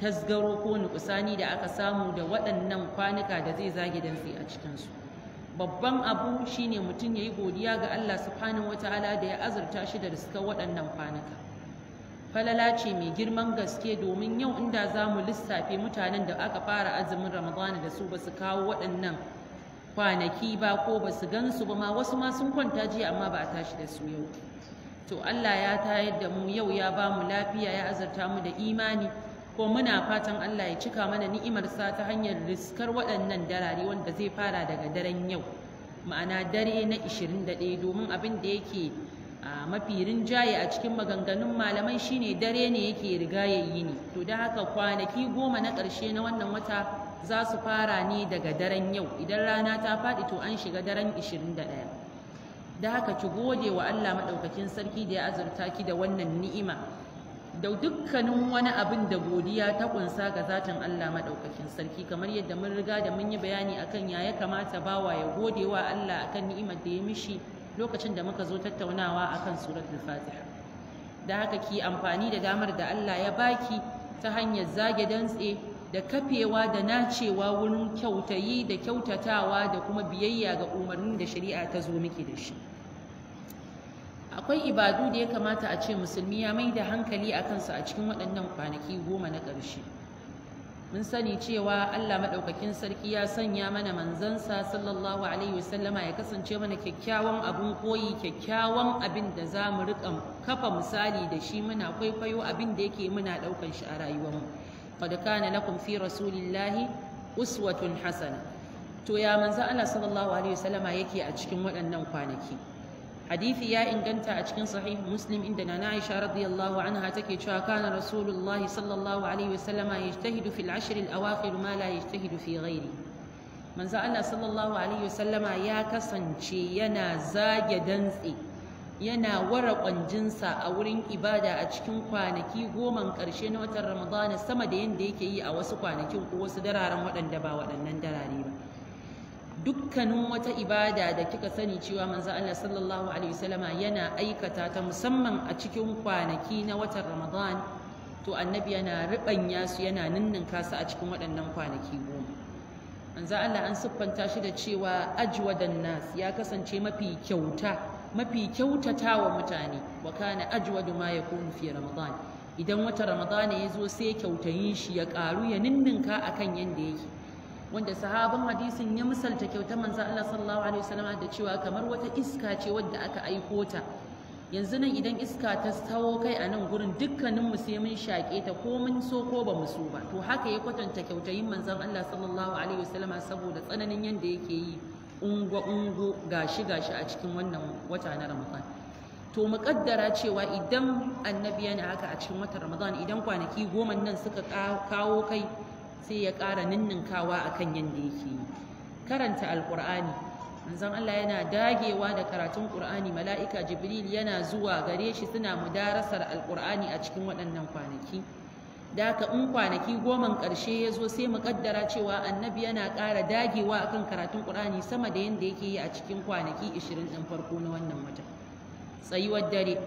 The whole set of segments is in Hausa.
tasgaro ko nukusani da aka samu da waɗannan kwanuka da zai zage dantse a cikinsu babban abu shine mutum ya yi godiya ga Allah subhanahu wataala da ya azurta shi da riskar waɗannan kwanuka falala ce mai girman gaske domin yau inda za mu lissafe mutanen da aka fara azumin ramadana da su ba su kawo waɗannan kwanaki ba ko ba su gansu ba ma wasu ma sun kwanta jiya amma ba a tashi da su yau to Allah ya tayar da mu yau ya ba mu lafiya ya azurta mu da imani ko muna fatan Allah ya cika mana ni'imarsa ta hanyar riskar waɗannan darari wanda zai fara daga daren yau ma'ana dare na 21 domin abin da yake a mafi rinjaye a cikin maganganun malamai shine dare ne yake riga ya ne to da haka kwanaki goma na ƙarshe na wannan wata za su fara ne daga daren yau idan rana ta faɗi to an shiga daren 21 da haka ki gode wa Allah maɗaukakin sarki da ya azurta ki da wannan ni'ima da dukkanin wani abin da godiya ta kunsa ga zatin Allah maɗaukakin sarki kamar yadda mun riga da mun yi bayani akan ya ya kamata bawa ya gode wa Allah akan ni'imar da ya mishi lokacin da muka zo tattaunawa akan al fatiha da haka ki amfani da damar da Allah ya baki ta hanyar zage dantse da kafewa da nacewa wurin kyautayi da kyautatawa da kuma biyayya ga umarnin da shari'a ta zo miki da shi akwai ibadu da ya kamata a ce musulmi ya mai da hankali a kansu a cikin waɗannan kwanaki goma na ƙarshe mun sani cewa Allah maɗaukakin sarki ya sanya mana manzansa sallallahu alaihi wasallama ya kasance mana kyakkyawan abin koyi kyakkyawan abin da za mu riƙa kafa misali da shi muna kwaikwayo abin da yake muna ɗaukan shi a rayuwarmu qad kana lakum fi rasulillahi uswatun hasana to ya manzo Allah sallallahu alaihi wasallama yake a cikin waɗannan kwanaki hadisi ya inganta a cikin sahih muslim inda nana aisha radiyallahu anha take cewa kana rasulullahi sallallahu alaihi wasallama yajtahidu fil ashr al awakhir ma la yajtahidu fi ghairi manzo Allah sallallahu ya kasance yana zage dantse yana wara kwanjinsa a wurin ibada a cikin kwanaki goman karshe na watan ramadana sama da yadda yake yi a wasu kwanakin ko wasu dararen waɗanda ba waɗannan darare ba dukkanin wata ibada da kika sani cewa manzo Allah sallallahu alaihi wasallama yana aikata ta musamman a cikin kwanaki na watan Ramadan to annabi yana ribanya su yana ninninka su a cikin waɗannan kwanaki goma manzo Allah an siffanta shi da cewa ajwadan nas ya kasance mafi kyauta mafi kyautatawa mutane wa kana ajwadu ma yakunu fi Ramadan idan wata Ramadan ya zo sai kyautayin shi ya karu ya ninninka akan yanda yake wanda sahabin hadisin ya misalta kyauta manzo Allah sallallahu alaihi wasallam da cewa kamar wata iska ce wadda aka aiko ta yanzu nan idan iska ta tawo kai a nan gurin dukkanin mu sai mun shaƙe ta ko mun so ko ba mu so ba to haka ya kwatanta kyautayin manzon Allah sallallahu alaihi wasallam saboda tsananin yanda yake yi ungo ungo gashi gashi a cikin wannan wata na Ramadan to mu kaddara cewa idan annabi yana haka a cikin watan Ramadan idan kwanaki goma nan suka kawo kai sai ya ƙara ninninkawa a kan yadda yake yi karanta alƙur'ani manzon Allah yana dagewa da karatun ƙur'ani mala'ika jibril yana zuwa gare shi suna mudarasar alƙur'ani a cikin waɗannan kwanaki da haka in kwanaki goman ƙarshe ya zo sai mu ƙaddara cewa annabi yana ƙara dagewa akan karatun ƙur'ani sama da yadda yake yi a cikin kwanaki 20 ɗin farko na wannan wata tsayuwar dare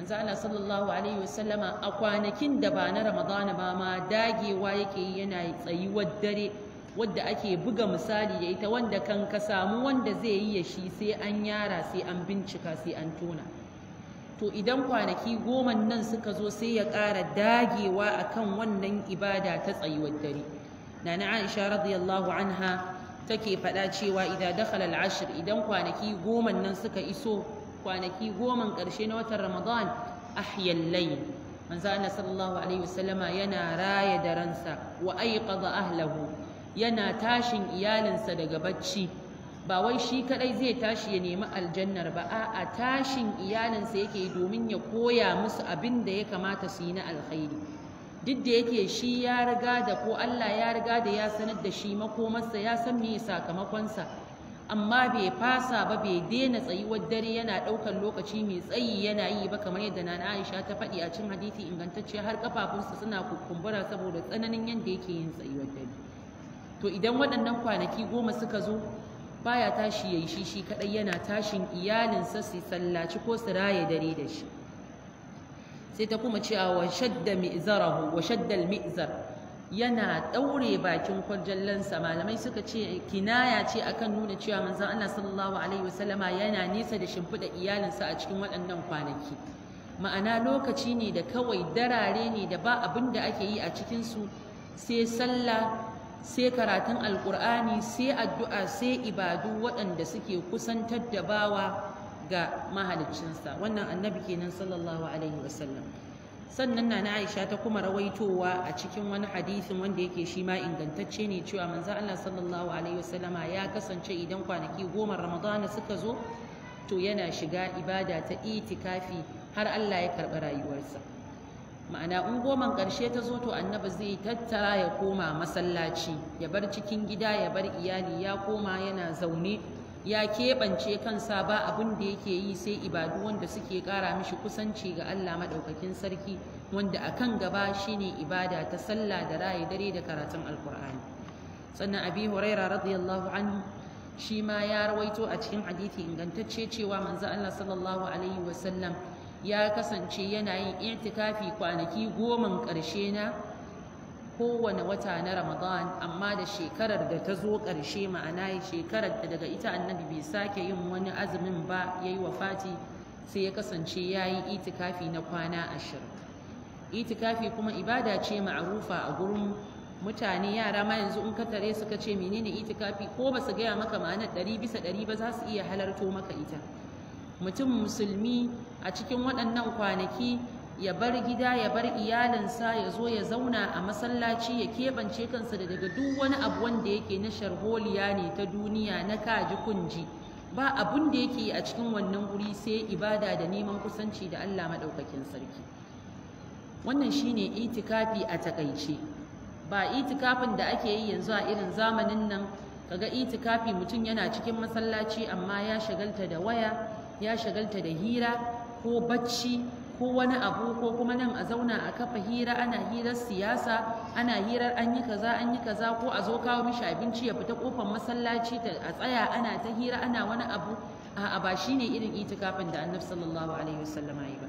manzo Allah sallallahu alaihi wasallama a kwanakin da ba na ramadana ba ma dagewa yake yi yana tsayuwar dare wadda ake buga misali da ita wanda kan ka samu wanda zai yi ya shi sai an yara sai an bincika sai an tona to idan kwanaki goma nan suka zo sai ya ƙara dagewa akan wannan ibada ta tsayuwar dare nana Aisha radiyallahu anha take faɗa cewa idan dakhala al-ashr idan kwanaki goma nan suka iso kwanaki goman ƙarshe na watan ramadan ahyan layl manzo sallallahu alaihi wasallama yana raya daransa wa ga ahlahu yana tashin iyalinsa daga bacci ba wai shi kadai zai tashi ya nemi aljannar ba a'a tashin iyalinsa yake domin ya koya musu abin da ya kamata su yi na alkhairi duk da yake shi ya riga da ko Allah ya riga da ya sanar da shi makomarsa ya san me sakamakonsa amma bai fasa ba bai daina tsayuwar dare yana ɗaukar lokaci mai tsayi yana yi ba kamar yadda nana Aisha ta faɗi a cikin hadisi ingantacce har kafafunsa suna kumbura saboda tsananin yadda yake yin tsayuwar dare to idan waɗannan kwanaki goma suka zo baya tashi yayi shi shi kadai yana tashin iyalinsa su sallaci ko su raye dare da shi sai ta kuma cewa wa shadda mi'zarahu wa shadda al-mi'zar yana ɗaure bakin kwarjallansa malamai suka ce kinaya ce akan nuna cewa manzon Allah sallallahu alaihi wasallama yana nesa da shimfiɗa iyalinsa a cikin waɗannan kwanaki ma'ana lokaci ne da kawai darare ne da ba abin da ake yi a cikinsu sai sallah sai karatun alkur'ani sai addu'a sai ibadu waɗanda suke kusantar da bawa ga mahaliccinsa wannan annabi kenan sallallahu alaihi wasallam sannan na Aisha ta kuma rawaitowa a cikin wani hadisin wanda yake shi ma ingantacce ne cewa manzo Allah sallallahu alaihi wasallama ya kasance idan kwanaki goma Ramadana suka zo to yana shiga ibada ta itikafi har Allah ya karɓi rayuwarsa ma'ana in goman ƙarshe ta zo to annabi zai tattara ya koma masallaci ya bar cikin gida ya bar iyali ya koma yana zaune ya keɓance kansa ba abin da yake yi sai ibadu wanda suke ƙara mishi kusanci ga Allah maɗaukakin sarki wanda a kan gaba shine ibada ta sallah da raya, dare da karatun alkur'ani sannan abi huraira radiyallahu anhu shi ma ya rawaito a cikin hadithi ingantacce cewa manzo Allah sallallahu alaihi ya kasance yana yin i'tikafi kwanaki goman ƙarshe na kowane wata na Ramadan amma da shekarar da ta zo ƙarshe ma'ana shekarar da daga ita annabi bai sake yin wani azumin ba ya yi wafati sai ya kasance ya yi itikafi na kwana ashirin itikafi kuma ibada ce ma'arufa a gurin mutane yara ma yanzu in ka tare suka ce menene itikafi ko ba su gaya maka ma'anar ɗari bisa ɗari ba za su iya halarto maka ita mutum musulmi a cikin waɗannan kwanaki ya bar gida ya bar iyalinsa ya zo ya zauna a masallaci ya keɓance kansa da daga duk wani abu wanda yake na sharholiya ne ta duniya na kaji kunji ba abun da yake a cikin wannan guri sai ibada da neman kusanci da Allah maɗaukakin sarki wannan shine itikafi a takaice ba itikafin da ake yi yanzu a irin zamanin nan kaga itikafi mutum yana cikin masallaci amma ya shagalta da waya ya shagalta da hira ko bacci ko wani abu ko kuma nan a zauna a kafa hira ana hirar siyasa ana hirar an yi kaza an yi kaza ko a zo kawo mishi abinci ya fita kofar masallaci ta a tsaya ana ta hira ana wani abu a ba shine irin itikafin da annabi sallallahu alaihi wasallam yi ba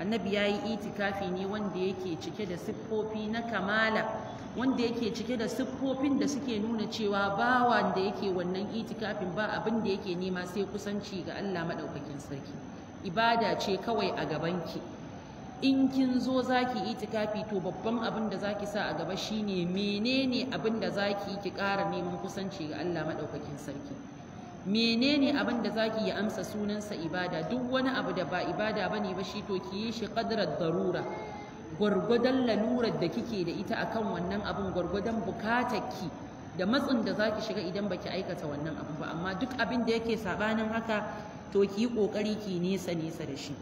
annabi ya yi itikafi ne wanda yake cike da siffofi na kamala wanda yake cike da siffofin da suke nuna cewa ba wanda yake wannan itikafin ba abin da yake nema sai kusanci ga Allah maɗaukakin sarki ibada ce kawai a gabanki in kin zo zaki itikafi to babban abin da zaki sa a gaba shine menene abin da zaki ki ƙara neman kusanci ga Allah madaukakin sarki menene abin da zaki yi amsa sunansa ibada duk wani abu da ba ibada bane ba shi to ki yi shi qadrar darura gwargwadon lalurar da kike da ita akan wannan abin gwargwadon ki da matsin da zaki shiga idan baki aikata wannan abu ba amma duk abin da yake sabanin haka to ki yi ƙoƙari ki nesa nesa da shi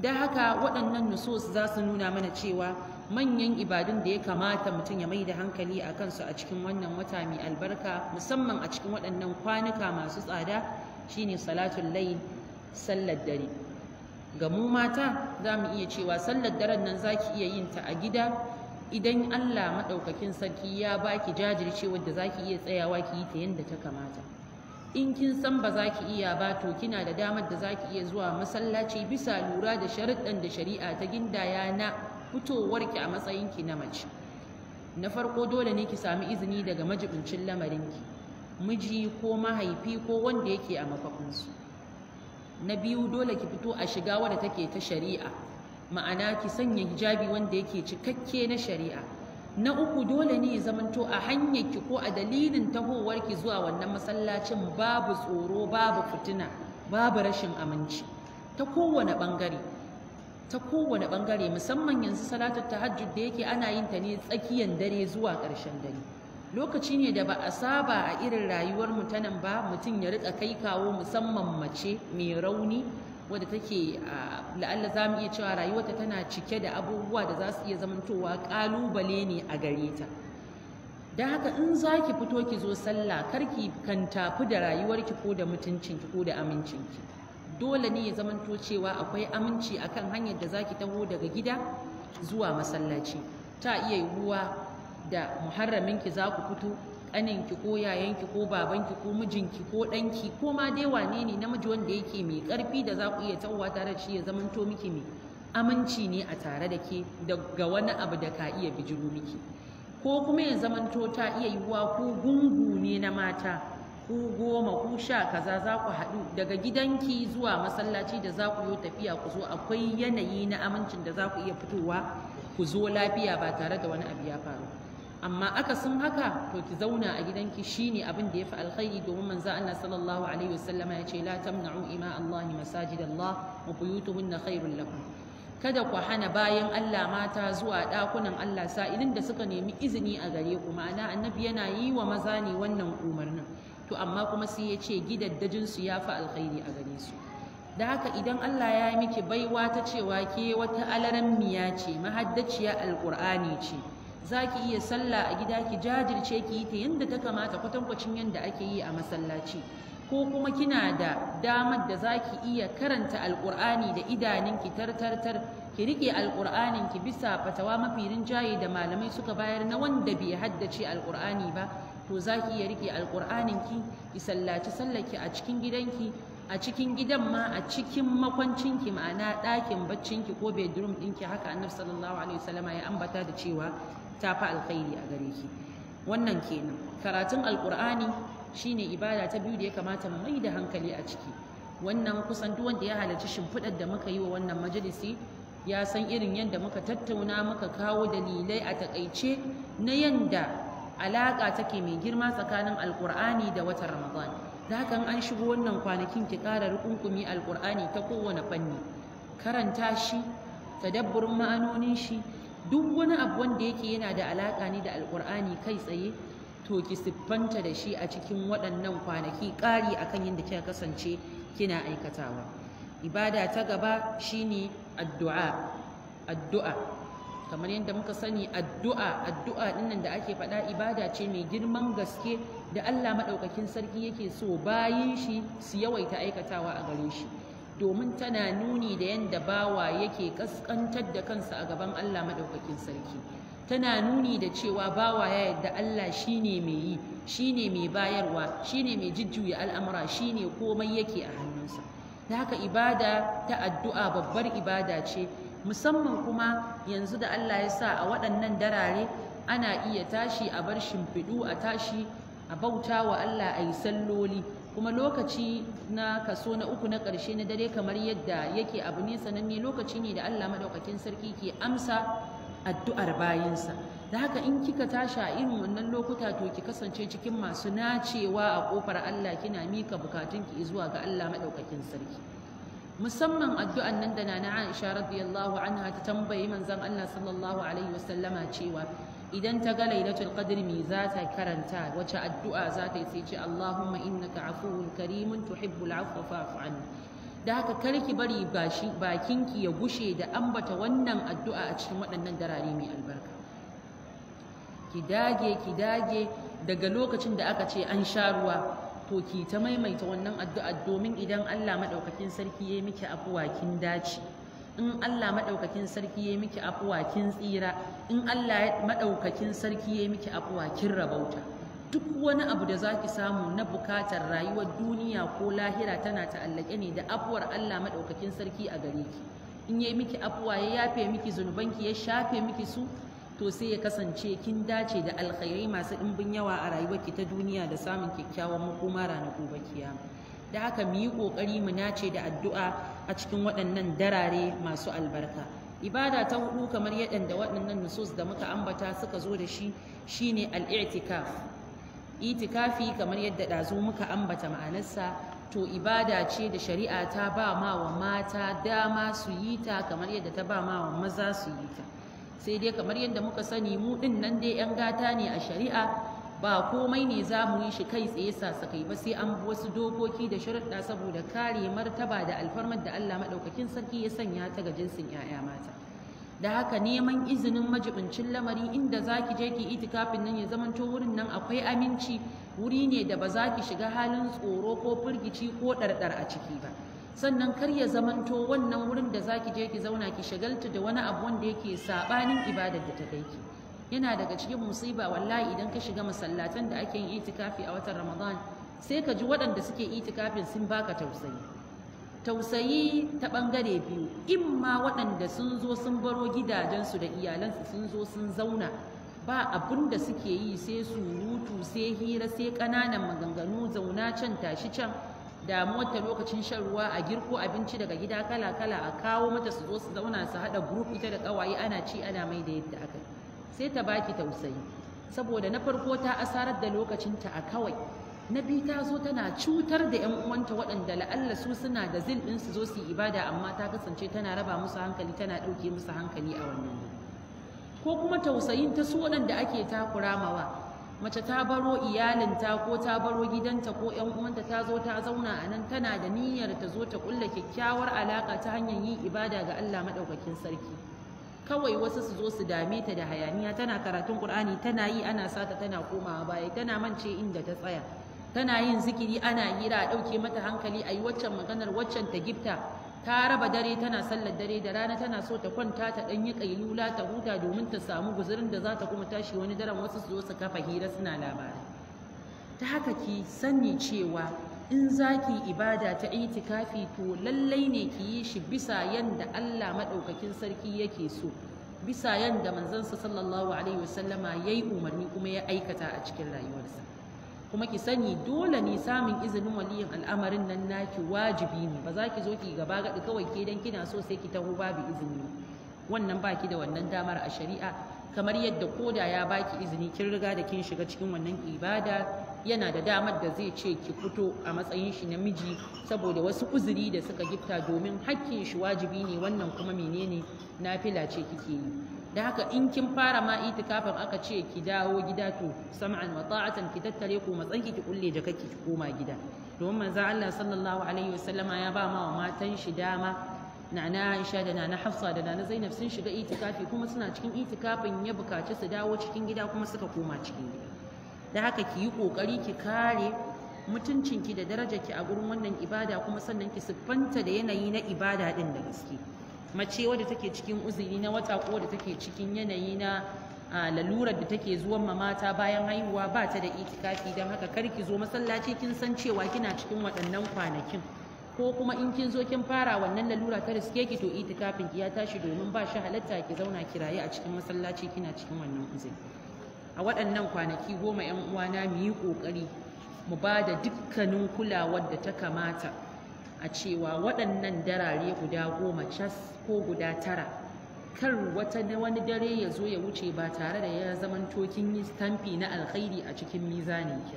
da haka waɗannan nusus za su nuna mana cewa manyan ibadun da ya kamata mutum ya mai da hankali a kansu a cikin wannan wata mai albarka musamman a cikin waɗannan kwanuka masu tsada shine salatul layl sallar dare ga mu mata za mu iya cewa sallar daren nan za ki iya yin ta a gida idan Allah maɗaukakin sarki ya baki jajircewar da za ki iya tsayawa ki yi ta yadda ta kamata in kin san ba za ki iya ba to kina da damar da za ki iya zuwa masallaci bisa lura da sharuɗɗan da shari'a ta gindaya na fitowarki a matsayinki na mace na farko dole ne ki sami izini daga majibincin lamarinki miji ko mahaifi ko wanda yake a mafafinsu na biyu dole ki fito a shiga wadda take ta shari'a ma'ana ki sanya hijabi wanda yake cikakke na shari'a na uku dole ne ya zamanto a hanyarki ko a dalilin tahowarki zuwa wannan masallacin babu tsoro babu fitina babu rashin aminci ta kowane bangare ta kowane bangare musamman yanzu salatar tahajjud da yake ana yin ta ne tsakiyar dare zuwa ƙarshen dare lokaci ne da ba a saba a irin rayuwar mutanen ba mutum ya riƙa kai kawo musamman mace mai rauni wadda take la'alla za mu iya cewa rayuwarta tana cike da abubuwa da za su iya zamantowa ƙalubale ne a gare ta don haka in za ki fito ki zo sallah ki kan tafi da rayuwarki ko da mutuncinki ko da amincinki dole ne ya zamanto cewa akwai aminci akan hanyar da za ki taho daga gida zuwa masallaci ta iya yiwuwa da muharraminki za ku fito ƙaninki ko yayanki ko babanki ko mijinki ko ɗanki ko ma dai wane ne namiji wanda yake mai ƙarfi da za ku iya tsawowa tare da shi ya zamanto miki mai aminci ne a tare da ke daga wani abu da ka iya bijiro miki ko kuma ya zamanto ta iya yiwuwa ku gungu ne na mata ku goma ku sha kaza za ku haɗu daga gidanki zuwa masallaci da za ku yi tafiya ku zo akwai yanayi na amincin da za ku iya fitowa ku zo lafiya ba tare da wani abu ya faru amma akasin haka to ki zauna a gidanki shine abin da yafi alkhairi domin manzo Allah sallallahu alaihi wasallam ya ce la tamna'u ima Allah masajid Allah wa buyutuhunna khairul lakum kada ku hana bayan Allah mata zuwa dakunan Allah sa'ilin da suka nemi izini a gare ku ma'ana annabi yana yi wa maza ne wannan umarnin to amma kuma sai ya ce gidaddajin su yafi alkhairi a gare su da haka idan Allah ya yi miki baiwa ta cewa ke wata alaran miya ce mahaddaciya alkur'ani ce za ki iya sallah a gida ki jajirce ki yi ta yadda ta kamata kwatankwacin yadda ake yi a masallaci ko kuma kina da damar da za ki iya karanta alƙur'ani da idaninki tartartar ki riƙe Alƙur'aninki ki bisa fatawa mafi rinjaye da malamai suka bayar na wanda bai haddace alƙur'ani ba to za ki iya riƙe Alƙur'aninki, ki ki sallaci sallaki a cikin gidanki a cikin gidan ma a cikin makwancinki ma'ana ɗakin baccinki ko bedroom ɗinki haka annabi sallallahu alaihi wasallama ya ambata da cewa ta fi alkhairi a gare ki wannan kenan karatun alkur'ani shine ibada ta biyu da ya kamata mu mai da hankali a ciki wannan kusan duk wanda ya halarci shimfiɗar da muka yi wa wannan majalisi ya san irin yadda muka tattauna muka kawo dalilai a takaice na yadda alaƙa take mai girma tsakanin alkur'ani da watan ramadan da hakan an shigo wannan kwanakin ki ƙara rukunkumi alkur'ani ta kowane fanni karanta shi tadabburin ma'anonin shi duk wani abu wanda yake yana da alaƙa ne da alƙur'ani kai tsaye to ki siffanta da shi a cikin waɗannan kwanaki ƙari kan yadda kika kasance kina aikatawa ibada ta gaba shine addu'a addu'a kamar yadda muka sani addu'a addu'a dinnan da ake faɗa ibada ce mai girman gaske da Allah maɗaukakin sarki yake so bayin shi su yawaita aikatawa a gare shi domin tana nuni da yadda bawa yake kaskantar da kansa a gaban Allah maɗaukakin sarki tana nuni da cewa bawa ya yadda Allah shine mai yi shine mai bayarwa shine mai jujjuya al'amura shine komai yake a hannunsa da haka ibada ta addu'a babbar ibada ce musamman kuma yanzu da Allah ya sa a waɗannan darare ana iya tashi a bar shimfiɗu a tashi a bauta wa Allah a yi salloli kuma lokaci na kaso na uku na ƙarshe na dare kamar yadda yake abu ne sananne lokaci ne da Allah maɗaukakin sarki ke amsa addu'ar bayansa. da haka in kika tashi a irin wannan lokuta to ki kasance cikin masu nacewa a kofar Allah kina mika bukatunki zuwa ga Allah maɗaukakin sarki musamman addu'an nan da nana Aisha radiyallahu anha ta tambayi manzon Allah sallallahu alaihi wasallama cewa idan ta ga lailatul qadr me za ta karanta wace addu'a za ta yi sai ce Allahumma innaka afuwun karimun tuhibbul afwa fa'fu anni da haka karki bari bashi bakinki ya gushe da ambata wannan addu'a a cikin waɗannan darare mai albarka ki dage ki dage daga lokacin da aka ce an sha ruwa to ki ta maimaita wannan addu'a domin idan Allah madaukakin sarki ya miki afuwa kin dace in Allah maɗaukakin sarki ya yi miki afuwa kin tsira in Allah maɗaukakin sarki ya yi miki afuwa kin rabauta duk wani abu da zaki samu na bukatar rayuwar duniya ko lahira tana ta'allake ne da afuwar Allah maɗaukakin sarki a gare ki in ya yi miki afuwa ya yafe miki zunubanki ya shafe miki su to sai ya kasance kin dace da alkhairai masu ɗimbin yawa a rayuwarki ta duniya da samun kyakkyawan makoma ranar gobe kiyama da haka mu yi ƙoƙari mu nace da addu'a a cikin waɗannan darare masu albarka ibada ta hudu kamar yadda waɗannan nusus da muka ambata suka zo da shi shine al-i'tikaf itikafi kamar yadda ɗazu muka ambata ma'anarsa to ibada ce da shari'a ta ba ma wa mata dama su yi ta kamar yadda ta ba ma wa maza su yi ta sai dai kamar yadda muka sani mu ɗin nan dai 'yan gata ne a shari'a ba komai ne za mu yi shi kai tsaye sasakai ba sai an bi wasu dokoki da shirɗa saboda kare martaba da alfarmar da Allah maɗaukakin sarki ya sanya ta ga jinsin 'ya'ya mata da haka neman izinin majibincin lamari inda za ki je ki itikafin nan ya zamanto wurin nan akwai aminci wuri ne da ba za ki shiga halin tsoro ko firgici ko ɗarɗar a ciki ba sannan kar ya zamanto wannan wurin da za ki je ki zauna ki shagalta da wani abu wanda yake saɓanin ibadar da ta kai ki yana daga cikin musiba wallahi idan ka shiga masallatan da ake yin itikafi a watan ramadan sai ka ji waɗanda suke itikafin sun baka tausayi tausayi ta ɓangare biyu in ma waɗanda sun zo sun baro gidajensu da iyalansu sun zo sun zauna ba abin da suke yi sai su surutu sai hira sai ƙananan maganganu zauna can tashi can damuwar ta lokacin shan ruwa a girko abinci daga gida kala kala a kawo mata su zo su zauna su haɗa group ita da ƙawaye ana ci ana mai da yadda aka yi sai ta baki tausayi saboda na farko ta asarar da lokacinta a kawai na biyu ta zo tana cutar da 'yan uwanta waɗanda la'alla su suna da zin ɗin su zo su yi ibada amma ta kasance tana raba musu hankali tana ɗauke musu hankali a wannan wuri ko kuma tausayin ta su waɗanda ake takura mawa mace ta baro iyalinta ko ta baro gidanta ko 'yan uwanta ta zo ta zauna a nan tana da niyyar ta zo ta ƙulla kyakkyawar alaƙa ta hanyar yin ibada ga Allah maɗaukakin sarki kawai wasu su zo su dame ta da hayaniya tana karatun Qur'ani tana yi ana sata tana komawa baya tana mance inda ta tsaya tana yin zikiri ana hira a ɗauke mata hankali a yi waccan maganar waccan ta gifta ta raba dare tana sallar dare da rana tana so ta kwanta ta ɗan yi ƙailula ta huta domin ta samu guzurin da za ta kuma tashi wani daren wasu su zo su kafa hira suna labarai ta haka ki sani cewa in za ki ibada ta itikafi to lallai ne ki yi shi bisa yanda Allah maɗaukakin sarki yake so bisa yanda manzansa sallallahu alaihi wasallama ya yi umarni kuma ya aikata a cikin rayuwarsa kuma ki sani dole ne samun izinin waliyin al'amarin nan naki wajibi ne ba za ki zo ki gaba gaɗi kawai ke dan kina so sai ki taho babu izini wannan baki da wannan damar a shari'a kamar yadda koda ya baki izini kin riga da kin shiga cikin wannan ibada yana da damar da zai ce ki fito a matsayin shi namiji saboda wasu uzuri da suka gifta domin hakkin shi wajibi ne wannan kuma menene fila ce kike yi da haka in kin fara ma itikafin aka ce ki dawo gida to sam'an wa ta'atan ki tattare ku matsan ki kulle da kake ki koma gida domin manzo Allah sallallahu alaihi wasallama ya ba ma matan shi dama nana Aisha da na Hafsa da nana Zainab sun shiga itikafi kuma suna cikin itikafin ya bukaci su dawo cikin gida kuma suka koma cikin gida da haka ki yi ƙoƙari, ki kare mutuncinki da darajarki a gurin wannan ibada kuma sannan ki siffanta da yanayi na ibada ɗin da gaske mace wadda take cikin uzuri na wata ko wadda take cikin yanayi na lalurar da take zuwan mamata bayan haihuwa ba ta da itikafi don haka kar ki zo masallaci kin san cewa kina cikin waɗannan kwanakin ko kuma in kin zo kin fara wannan lalura ta riske ki to itikafin ki ya tashi domin ba shi halatta ki zauna kiraye a cikin masallaci kina cikin wannan uzuri a waɗannan kwanaki goma 'yan uwana mu yi ƙoƙari mu ba da dukkanin kulawar da ta kamata a cewa waɗannan darare guda goma cas ko guda tara kar wata wani dare ya zo ya wuce ba tare da ya zama tokin yi stamfi na alkhairi a cikin mizanin ki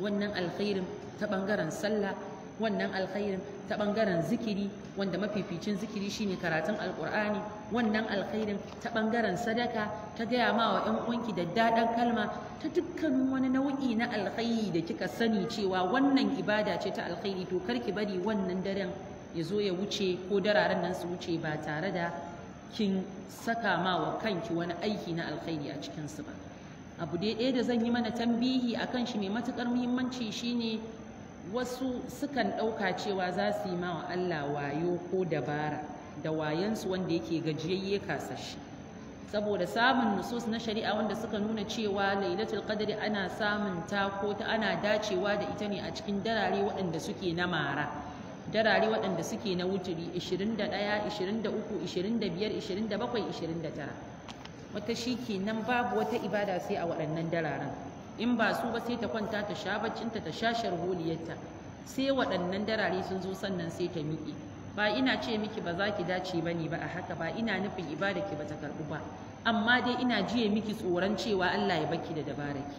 wannan alkhairin ta ɓangaren sallah wannan alkhairin ta ɓangaren zikiri wanda mafificin zikiri shine karatun alkur'ani wannan alkhairin ta bangaren sadaka ta gaya ma wa yan uwanki da dadan kalma ta dukkanin wani nau'i na alkhairi da kika sani cewa wannan ibada ce ta alkhairi to kar ki bari wannan daren ya zo ya wuce ko dararen nan su wuce ba tare da kin saka ma wa kanki wani aiki na alkhairi a cikinsu ba abu dai ɗaya da zan yi mana tambihi akan shi mai matuƙar muhimmanci shine wasu sukan ɗauka cewa za su yi mawa Allah wayo ko dabara da wayansu wanda yake gajiyayye kasashe saboda samun nusus na shari'a wanda suka nuna cewa lailatul qadri ana samun ta ko ta ana dacewa da ita ne a cikin darare waɗanda suke na mara darare waɗanda suke na wuturi 21 23 25 27 29 wata shi nan babu wata ibada sai a waɗannan dararen in ba su ba sai ta kwanta ta sha baccinta ta sha sharholiyarta sai waɗannan darare sun zo sannan sai ta miƙe ba ina ce miki ba za ki dace ba ne ba a haka ba ina nufin ibadaki ba ta karɓu ba amma dai ina jiye miki tsoron cewa Allah ya baki da dabaraki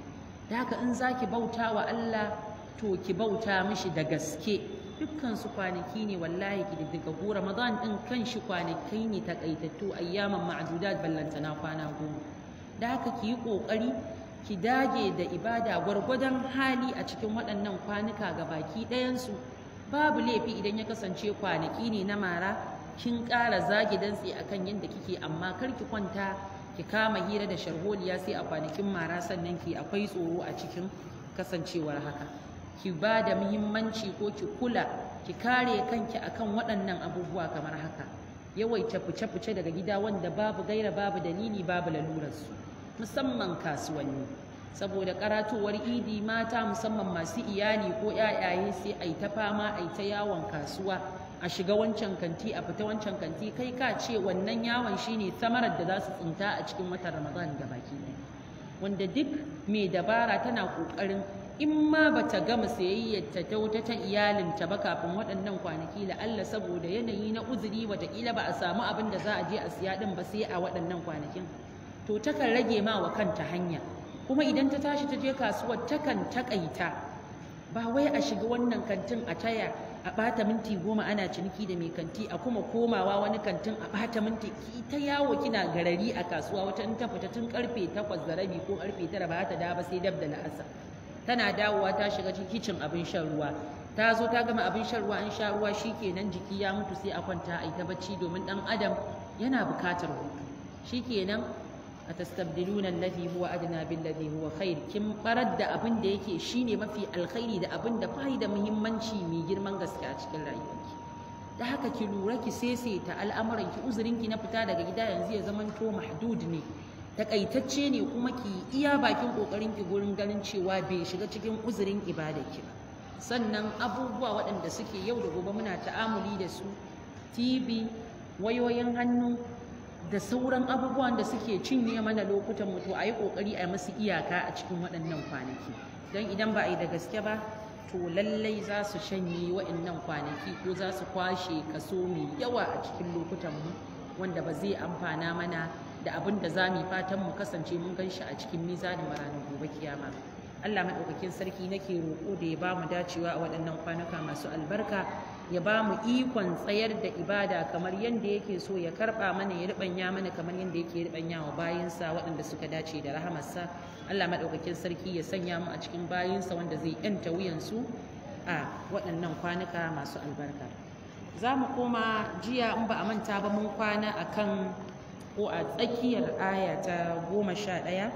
da haka in za ki bauta wa Allah to ki bauta mishi da gaske dukkan su kwanaki ne wallahi ki diddiga ko Ramadan din kan shi kwanaki ne takaitattu ayyaman ma'dudat ballantana kwana goma da haka ki yi kokari ki dage da ibada gwargwadon hali a cikin waɗannan kwanuka ga baki ɗayansu babu laifi idan ya kasance kwanaki ne na mara kin ƙara zage dantse akan yadda kike amma kar ki kwanta ki kama hira da sharholiya sai a kwanakin mara sannan ki akwai tsoro a cikin kasancewar haka ki ba da muhimmanci ko ki kula ki kare kanki akan waɗannan abubuwa kamar haka Yawai fice-fice daga gida wanda babu gaira babu dalili babu lalurarsu musamman kasuwanni saboda karatowar idi mata musamman masu iyali ko yayaye sai a yi ta fama a yi ta yawon kasuwa a shiga wancan kanti a fita wancan kanti kai ka ce wannan yawon shine samarar da za su tsinta a cikin watan ramadan da baki wanda duk mai dabara tana kokarin in ma ba ta gama sayayyar ta ta wuta ta iyalin ba kafin waɗannan kwanaki la'alla saboda yanayi na uzuri wataƙila ba a samu abin da za a je a siya ɗin ba sai a waɗannan kwanakin to takan rage ma wa kanta hanya kuma idan ta tashi ta je kasuwar takan takaita ba wai a shiga wannan kantin a taya a bata minti goma ana ciniki da mai kanti a kuma komawa wani kantin a bata minti ki ta yawo kina garari a kasuwa wata in ta fita tun karfe takwas da rabi ko karfe tara ba ta dawo sai dab da la'asar tana dawowa ta shiga kicin abin shan ruwa ta zo ta gama abin shan ruwa an sha ruwa shi kenan jiki ya mutu sai a kwanta a yi ta bacci domin dan adam yana bukatar hutu shi kenan atastabdiluna alladhi huwa adna billadhi huwa khair kin barar da abin da yake shine mafi alkhairi da abin da bai da muhimmanci mai girman gaske a cikin rayuwarki da haka ki lura ki seseta al'amuran ki uzurin ki na fita daga gida yanzu ya zaman to mahdud ne takaitacce ne kuma ki iya bakin kokarin ki gurin ganin cewa bai shiga cikin uzurin ibadarki ba sannan abubuwa waɗanda suke yau da gobe muna ta'amuli da su TV wayoyin hannu da sauran abubuwan da suke cinye mana lokutan mutu a yi ƙoƙari a masu iyaka a cikin waɗannan kwanaki don idan ba a yi da gaske ba to lallai za su shanye waɗannan kwanaki ko za su kwashe kaso mai yawa a cikin lokutan mu wanda ba zai amfana mana da abin da za mu fatan mu kasance mun gan shi a cikin mizanin ranar gobe kiyama Allah maɗaukakin sarki nake roƙo da ya ba mu dacewa a waɗannan kwanuka masu albarka ya ba mu ikon tsayar da ibada kamar yadda yake so ya karɓa mana ya ribanya mana kamar yadda yake ribanya wa bayansa waɗanda suka dace da rahamarsa Allah maɗaukakin sarki ya sanya mu a cikin bayinsa wanda zai yanta wuyansu a waɗannan kwanuka masu albarka za mu koma jiya in ba a manta ba mun kwana a kan ko a tsakiyar aya ta goma sha ɗaya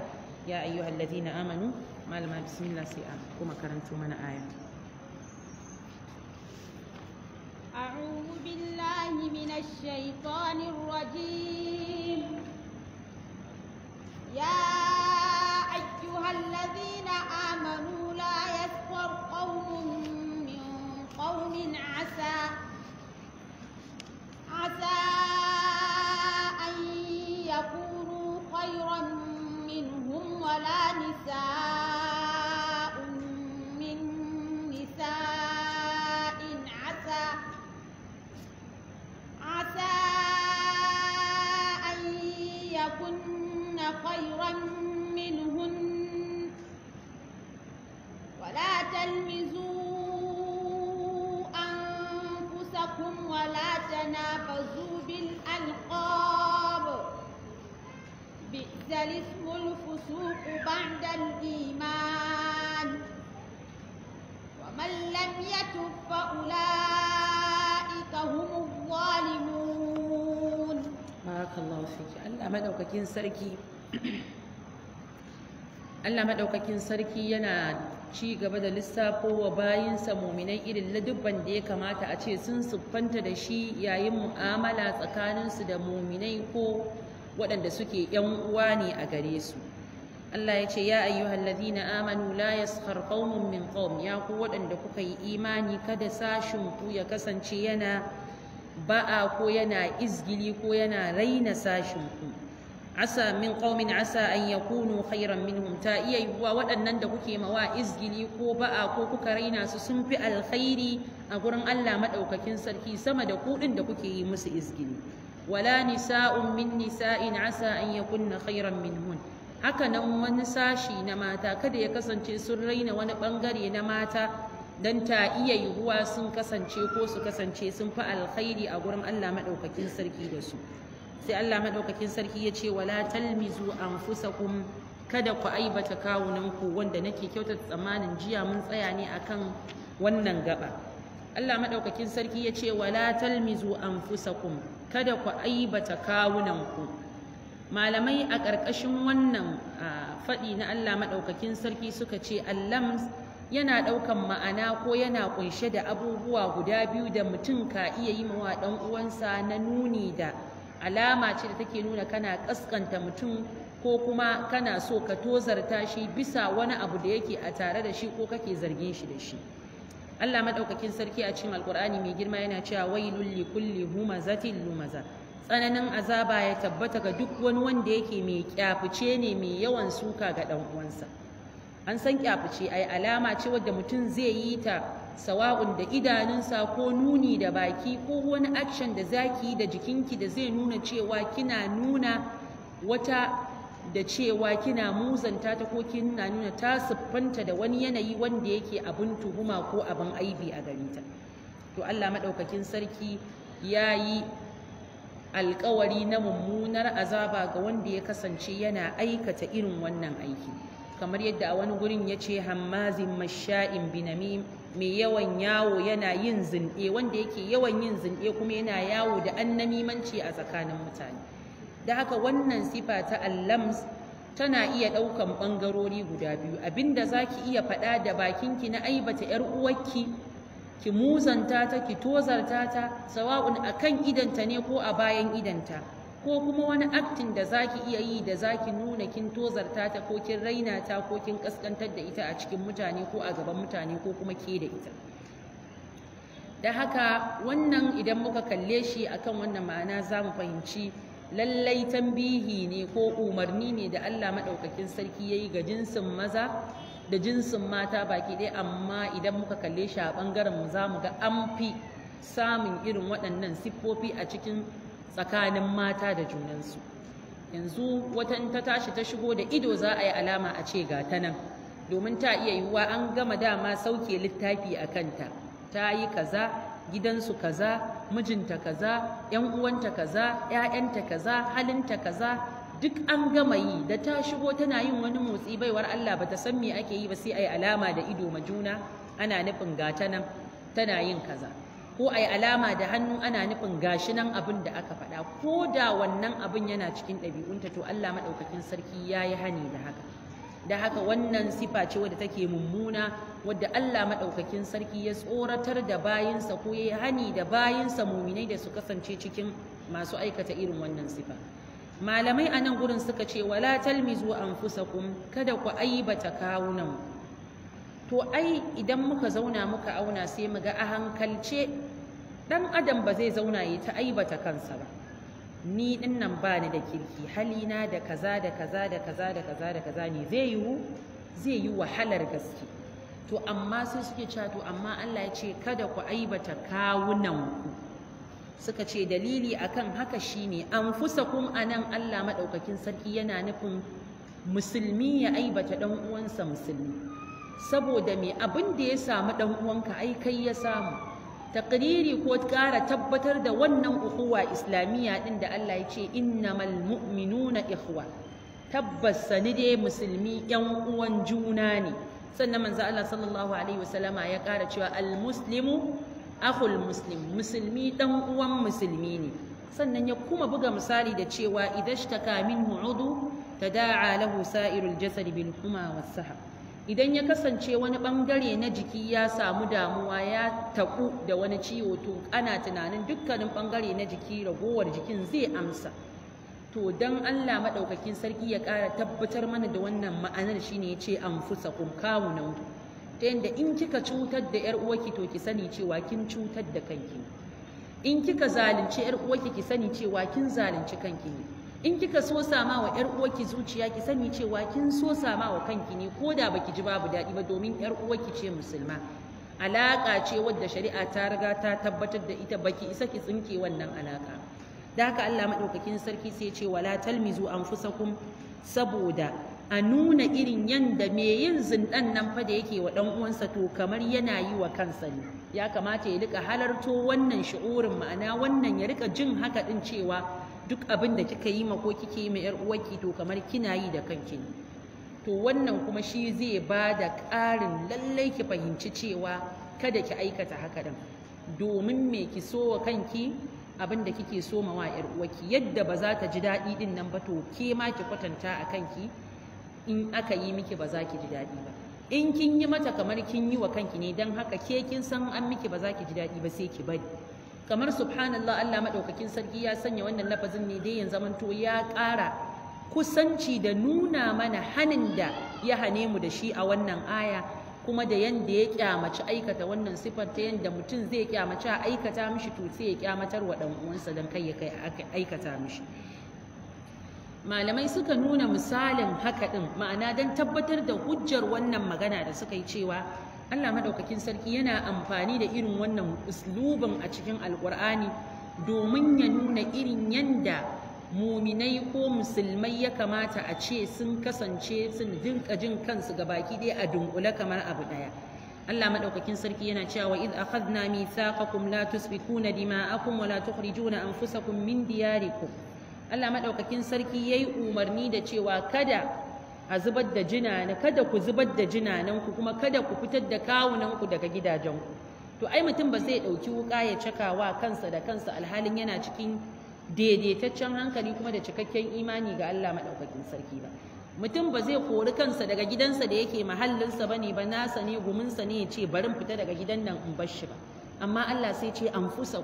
ya ayyuhallazina amanu malama bismillah sai a kuma karanto mana aya أعوذ بالله من الشيطان الرجيم يا أيها الذين آمنوا لا يسخر قوم من قوم عسى عسى أن يكونوا خيرا منهم ولا نساء تلمزوا أنفسكم ولا تنافسوا بالألقاب بئس الاسم الفسوق بعد الإيمان ومن لم يتب فأولئك هم الظالمون بارك الله فيك الله مدوكاكين سركي Allah maɗaukakin sarki yana ci gaba da lissafowa wa bayinsa muminai irin ladubban da ya kamata a ce sun siffanta da shi yayin mu'amala tsakaninsu da muminai ko waɗanda suke ‘yan uwa ne a gare su. Allah ya ce, Ya ayyuhal ladina amanu la yaskhar qaumun min qaum ya ku waɗanda kuka yi imani kada sashin ku ya kasance yana ba'a ko yana izgili ko yana raina sashin ku. asa min qaumin asa an yakunu khairan minhum ta iya yiwuwa waɗannan da kuke mawa izgili ko ba'a ko kuka raina su sun fi alkhairi a gurin Allah madaukakin sarki sama da kuɗin da kuke yi musu izgili wala nisa'un min nisa'in asa an yakunna khairan minhun haka nan wani sashi na mata kada ya kasance sun raina wani bangare na mata dan ta iya yiwuwa sun kasance ko su kasance sun fi alkhairi a gurin Allah madaukakin sarki da su sai Allah madaukakin sarki ya ce wala talmizu anfusakum kada ku aibata kawunanku wanda nake kyautata tsammanin jiya mun tsaya ne akan wannan gaba Allah madaukakin sarki ya ce wala talmizu anfusakum kada ku aibata kawunanku malamai a ƙarƙashin wannan faɗi na Allah maɗaukakin sarki suka ce allams yana ɗaukan ma'ana ko yana ƙunshe da abubuwa guda biyu da mutum ka iya yi wa ɗan uwansa na nuni da alama ce da take nuna kana kaskanta mutum ko kuma kana so ka tozarta shi bisa wani abu da yake a tare da shi ko kake zargin shi da shi Allah madaukakin sarki a cikin alkur'ani mai girma yana cewa wailul li kulli humazatin lumaza tsananin azaba ya tabbata ga duk wani wanda yake mai kyafuce ne mai yawan suka ga ɗan uwansa an san kyafice ai alama ce wadda mutum zai yi ta sawa'un da idanunsa ko nuni da baki ko wani action da zaki da jikinki da zai nuna cewa kina nuna wata da cewa kina muzanta ta ko kina nuna ta siffanta da wani yanayi wanda yake abin tuhuma ko abin aibi a ta. to Allah maɗaukakin sarki ya yi alkawari na mummunar azaba ga wanda ya kasance yana aikata irin wannan aiki kamar yadda a wani gurin ya ce hammazin masha'in binamim mai yawan yawo yana yin zinɗe wanda yake yawan yin zinɗe kuma yana yawo da annamimanci a tsakanin mutane da haka wannan sifa ta allams tana iya ɗaukan ɓangarori guda biyu abinda za ki iya faɗa da bakinki na aibata 'yar uwarki ki muzanta ta ki tozarta ta sawa'un kan idanta ne ko a bayan idanta ko kuma wani aktin da zaki iya yi da zaki nuna kin tozarta ta ko kin raina ta ko kin kaskantar da ita a cikin mutane ko a gaban mutane ko kuma ke da ita da haka wannan idan muka kalle shi akan wannan ma'ana za mu fahimci lallai tambihi ne ko umarni ne da Allah maɗaukakin sarki ya yi ga jinsin maza da jinsin mata baki ɗaya amma idan muka kalle shi a ɓangaren mu za mu ga an fi samun irin waɗannan siffofi a cikin tsakanin mata da junansu yanzu watan ta tashi ta shigo da ido za a yi alama a ce ga ta nan domin ta iya yiwuwa an gama dama sauke littafi a kanta ta yi kaza gidansu kaza mijinta kaza yan uwanta kaza 'ya'yanta kaza halinta kaza duk an gama yi da ta shigo tana yin wani motsi baiwar Allah bata san me ake yi ba sai a yi alama da ido ma juna ana nufin gata nan tana yin kaza ko a yi alama da hannu ana nufin gashi nan abin da aka faɗa ko da wannan abin yana cikin ɗabi'unta to Allah maɗaukakin sarki ya yi hani da haka da haka wannan sifa ce wadda take mummuna wadda Allah maɗaukakin sarki ya tsoratar da bayinsa ko ya yi hani da bayinsa muminai da su kasance cikin masu aikata irin wannan sifa malamai a nan gurin suka ce wala talmizu anfusakum kada ku aibata kawunan to ai idan muka zauna muka auna sai muga ga a hankalce dan adam ba zai zauna ya ta aibata kansa ba ni din nan ba da kirki halina da kaza da kaza da kaza da kaza da kaza ne zai yiwu zai yi wahalar gaske to amma sai suke cewa to amma Allah ya ce kada ku aibata kawunanku suka ce dalili akan haka shine anfusakum anan Allah madaukakin sarki yana nufin musulmi ya aibata dan uwansa musulmi saboda me abin da ya samu dan uwanka ai kai ya samu taƙariri ko ƙara tabbatar da wannan uhuwa islamiyya ɗin da Allah ya ce innamal mu'minuna ikhwa tabbas sani dai musulmi yan uwan juna ne sannan manzo Allah sallallahu alaihi wasallama ya ƙara cewa al muslimu akhul muslim musulmi dan uwan musulmi ne sannan ya kuma buga misali da cewa idashtaka minhu udu tada'a lahu sa'irul jasad bil huma was sahab idan ya kasance wani bangare na jiki ya samu damuwa ya taku da wani ciwo to ana tunanin dukkanin bangare na jiki ragowar jikin zai amsa to dan Allah maɗaukakin sarki ya ƙara tabbatar mana da wannan ma'anar shine yace anfusakum kawunan ta yanda in kika cutar da yar uwaki to ki sani cewa kin cutar da kanki in kika zalunci yar uwaki ki sani cewa kin zalunci kanki ne in kika so sama wa yar uwarki zuciya ki sani cewa kin so sama wa kanki ne ko da baki ji babu daɗi ba domin yar uwarki ce musulma alaka ce wadda shari'a ta riga ta tabbatar da ita baki isa ki tsinke wannan alaka da haka Allah madaukakin sarki sai ce wala talmizu anfusakum saboda a nuna irin yanda me yin zindan nan fa da yake wa dan uwansa to kamar yana yi wa kansa ne ya kamata ya rika halarto wannan shi'urin ma'ana wannan ya rika jin haka din cewa duk abin da kika yi ma ko kike yi ma yar uwarki to kamar kina yi da kanki ne to wannan kuma shi zai ba da ƙarin lallai ki fahimci cewa kada ki aikata haka din domin me ki so wa kanki abin da kike so ma yar uwarki yadda ba za ta ji daɗi din nan ba to ke ma ki kwatanta a kanki in aka yi miki ba za ki ji daɗi ba in kin yi mata kamar kin yi wa kanki ne don haka ke kin san an miki ba za ki ji daɗi ba sai ki bari kamar subhanallah Allah madaukakin sarki ya sanya wannan lafazin ne dai yanzu zamanto ya kara kusanci da nuna mana hanin da ya hane mu da shi a wannan aya kuma da yanda ya kyamaci aikata wannan sifar ta yanda mutum zai kyamaci a aikata mishi to sai ya kyamatar wa dan uwansa dan kai ya kai aikata mishi malamai suka nuna misalin haka din ma'ana dan tabbatar da hujjar wannan magana da suka yi cewa Allah madaukakin sarki yana amfani da irin wannan uslubin a cikin alkur'ani domin ya nuna irin yanda muminai ko musulmai ya kamata a ce sun kasance sun dinka jin kansu ga baki ɗaya a dunkule kamar abu ɗaya Allah madaukakin sarki yana cewa id akhadna mithaqakum la tusfikuna dima'akum wa la tukhrijuna anfusakum min diyarikum Allah madaukakin sarki yayi umarni da cewa kada a zubar da jinana kada ku zubar da jina nanku, kuma kada ku fitar da kawunanku daga gidajenku to ai mutum ba zai ɗauki wuƙa ya caka wa kansa da kansa alhalin yana cikin daidaitaccen hankali kuma da cikakken imani ga Allah maɗaukakin sarki ba mutum ba zai kori kansa daga gidansa da yake mahallinsa ba ne ba nasa ne guminsa ne ya ce barin fita daga gidan nan in bar shi ba amma Allah sai ce an fusa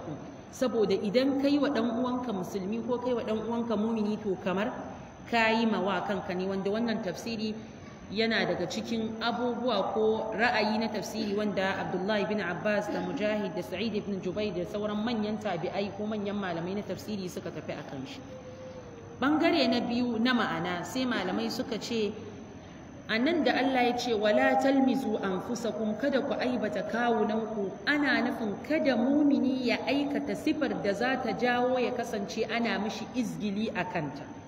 saboda idan kai wa ɗan uwanka musulmi ko kai wa ɗan uwanka mumini to kamar ka yi mawa kanka ne wanda wannan tafsiri yana daga cikin abubuwa ko ra'ayi na tafsiri wanda abdullahi bin abbas da mujahid da sa'id ibn jubai da sauran manyan tabi'ai ko manyan malamai na tafsiri suka tafi a kan shi bangare na biyu na ma'ana sai malamai suka ce a nan da allah ya ce wala talmizu kum kada ku aibata kawunanku ana nufin kada mumini ya aikata sifar da za ta jawo ya kasance ana mishi izgili a kanta